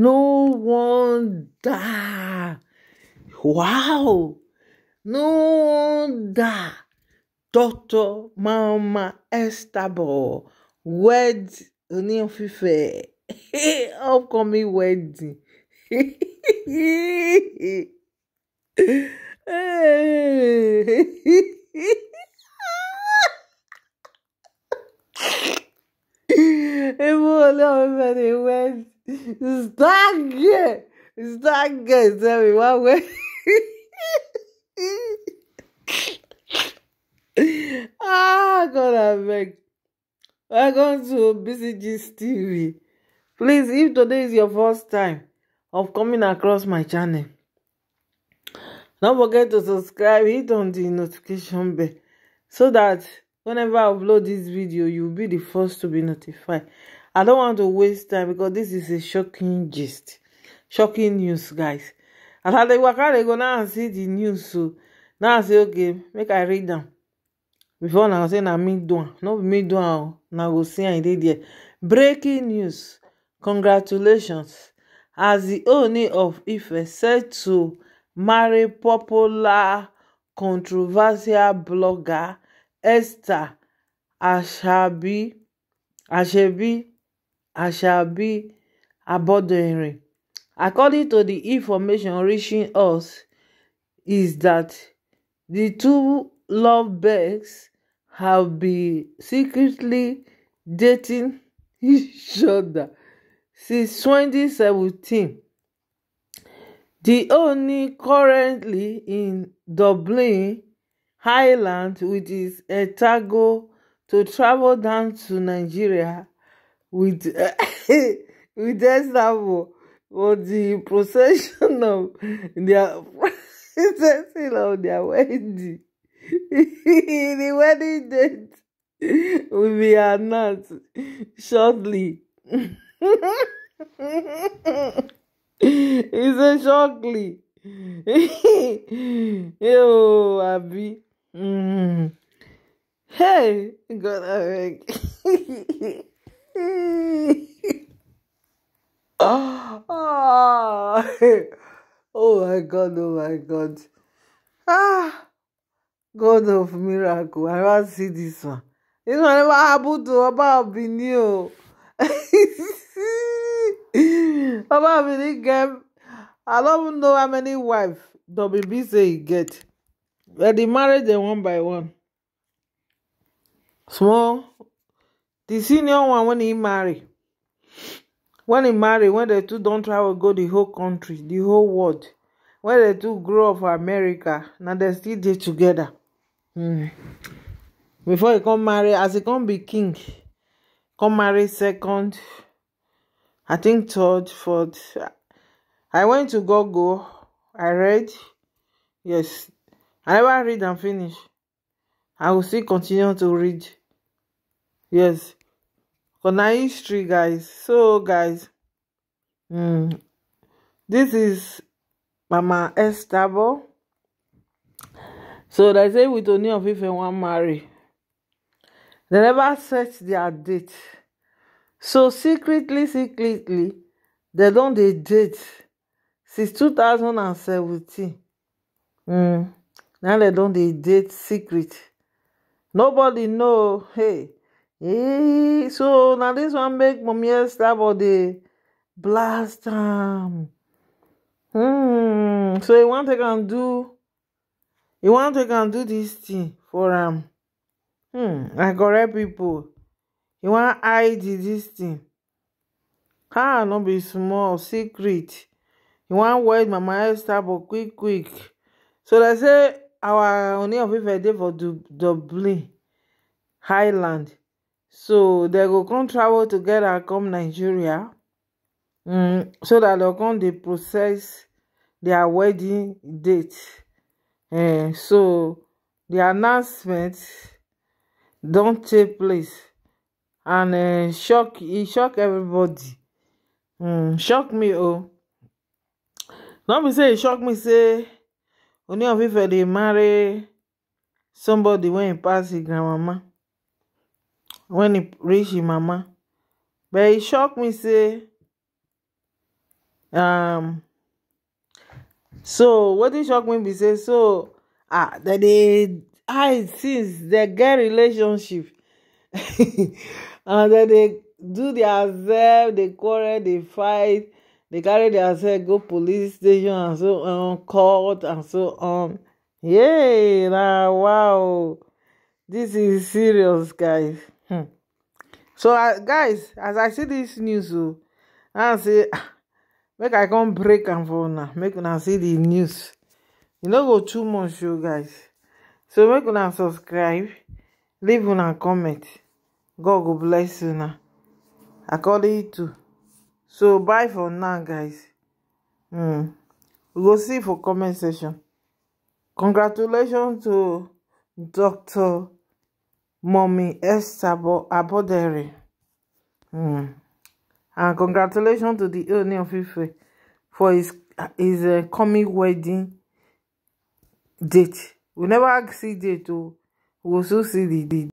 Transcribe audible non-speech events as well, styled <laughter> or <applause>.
no wonder wow no wonder dr mama Estable wedding ni ofisir <laughs> upcomming wedding imu na we dey Sdanke! Sdanke! Sabe, wawe. ah, God, I beg. Welcome to BCG TV. Please, if today is your first time of coming across my channel, don't forget to subscribe, hit on the notification bell so that whenever I upload this video, you'll be the first to be notified. i don want to waste time because dis is a shocking gist shocking news guys as i dey waka dey go now i see di news so now i say okay make i read am before now say na me do am no be me do am o now go see i e dey there breaking news congratulations as di owner of ife said to marry popular controversial blogger esther ashabi ashebi. I shall be abundant. According to the information reaching us, is that the two lovebirds have been secretly dating <laughs> each other since 2017. The only currently in Dublin, Ireland, with his Etago to travel down to Nigeria with <laughs> with Esther for the procession of their <laughs> processing of their wedding. <laughs> the wedding date will be announced shortly. he said shortly. Yo, Abby. Mm. Hey, God, I <laughs> oh my God, oh my God. Ah, God of miracle, I never see this one. This one never happened to About Obini About Oba game. I don't know how many wives WB say he get. But they married them one by one. Small the senior one when he marry when he marry when dem two don't travel go the whole country the whole world when dem two grow up for america now they still dey together mm. before he come marry as he come be king come marry second i think third fourth i went to go go. i read yes i never read and finish i will still continue to read yes for na history guys so guys hmm this is mama estabo so they say with Ooni of Ife wan marry they never set their date so secretly secretly they don't dey date since two thousand and seventeen mm. Now they don't dey date secret nobody know hey Eh, so now this one make mommy starboard the blast am hmm so you want to can do You want to can do this thing for um, hmm i correct pipo e wan hide this thing ah not be small secret You want wan wed mama starboard quick quick so like say our only of ife dey for dublin highland so they go come travel together come nigeria mm, so dat dem come They process their wedding date Uh, so the announcement don't take place and uh, shock e shock everybody mm, shock me oh. no me say e shock me say Ooni of if they marry somebody wey pass im grandmama When he reach his mama but e shocked me say um so what wetin shocked me be say so ah that they, I since dem get relationship <laughs> and then they do their self, they quarrel they fight they carry their self go police station and so on court and so on yay now wow this is serious guys hmm. so uh, guys as i see this news o oh, i say ah, make i come break and for now. make una see the news You e no go too much you oh, guys so make una subscribe leave una comment god will bless you una according to so bye for now guys Hmm. we go see for comment session. congratulations to Doctor. Mommy Esther Abodere. Mm. And congratulations to the owner of Ife for his his uh, coming wedding date. We never see date, oh. We will soon see the, the